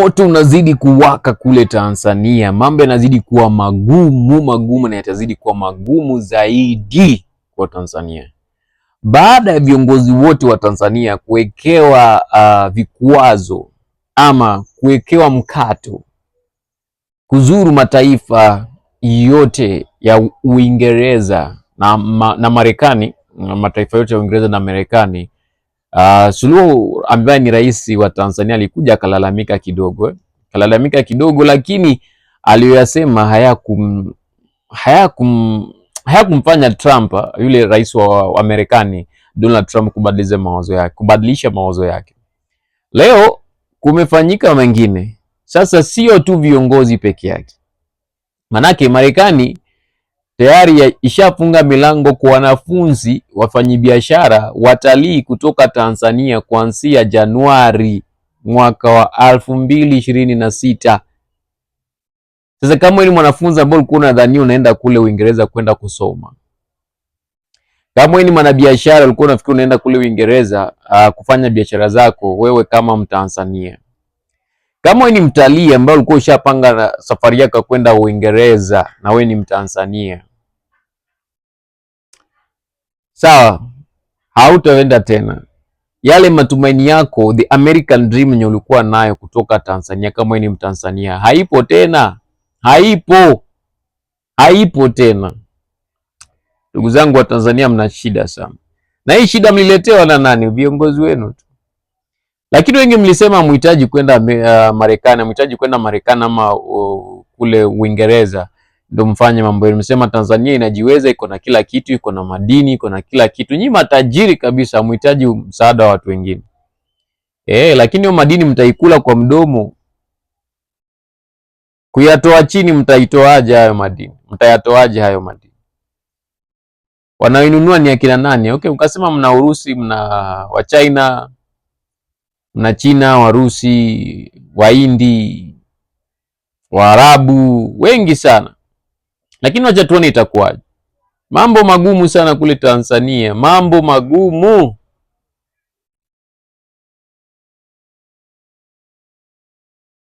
Moto unazidi kuwaka kule Tanzania, mambo yanazidi kuwa magumu magumu, na yatazidi kuwa magumu zaidi kwa Tanzania baada ya viongozi wote wa Tanzania kuwekewa uh, vikwazo ama kuwekewa mkato kuzuru mataifa yote ya Uingereza na, ma, na Marekani, mataifa yote ya Uingereza na Marekani Uh, Suluhu ambaye ni rais wa Tanzania alikuja akalalamika kidogo, kalalamika kidogo, lakini aliyoyasema hayakum hayakum hayakumfanya Trump yule rais wa, wa Marekani Donald Trump kubadilisha mawazo yake, kubadilisha mawazo yake. Leo kumefanyika mengine sasa, sio tu viongozi peke yake, manake Marekani tayari ishafunga milango kwa wanafunzi, wafanyabiashara, watalii kutoka Tanzania kuanzia Januari mwaka wa elfu mbili ishirini na sita. Sasa kama ni mwanafunzi ambaye ulikuwa unadhania unaenda kule Uingereza kwenda kusoma, kama ni mwanabiashara ulikuwa unafikiri unaenda kule Uingereza uh, kufanya biashara zako wewe kama Mtanzania, kama ni mtalii ambaye ulikuwa ushapanga safari yako kwenda Uingereza na wewe ni Mtanzania, sawa, hautaenda tena yale matumaini yako, the American dream yenye ulikuwa nayo kutoka Tanzania, kama ni Mtanzania, haipo tena, haipo, haipo tena. Ndugu zangu wa Tanzania, mna shida sana, na hii shida mliletewa na nani? Viongozi wenu tu. Lakini wengi mlisema mhitaji kwenda uh, Marekani, muhitaji kwenda Marekani ama uh, kule Uingereza ndio mfanye mambo yenu. Msema Tanzania inajiweza, iko na kila kitu, iko na madini, iko na kila kitu. Nyinyi matajiri kabisa, mhitaji msaada wa watu wengine eh, lakini hiyo madini mtaikula kwa mdomo. Kuyatoa chini, mtaitoaje hayo madini? Mtayatoaje hayo madini? Wanaoinunua ni akina nani? Okay, ukasema mna Urusi, mna Wachina, mna China, Warusi, Waindi, Waarabu wengi sana lakini wacha tuone itakuwaje. Mambo magumu sana kule Tanzania, mambo magumu.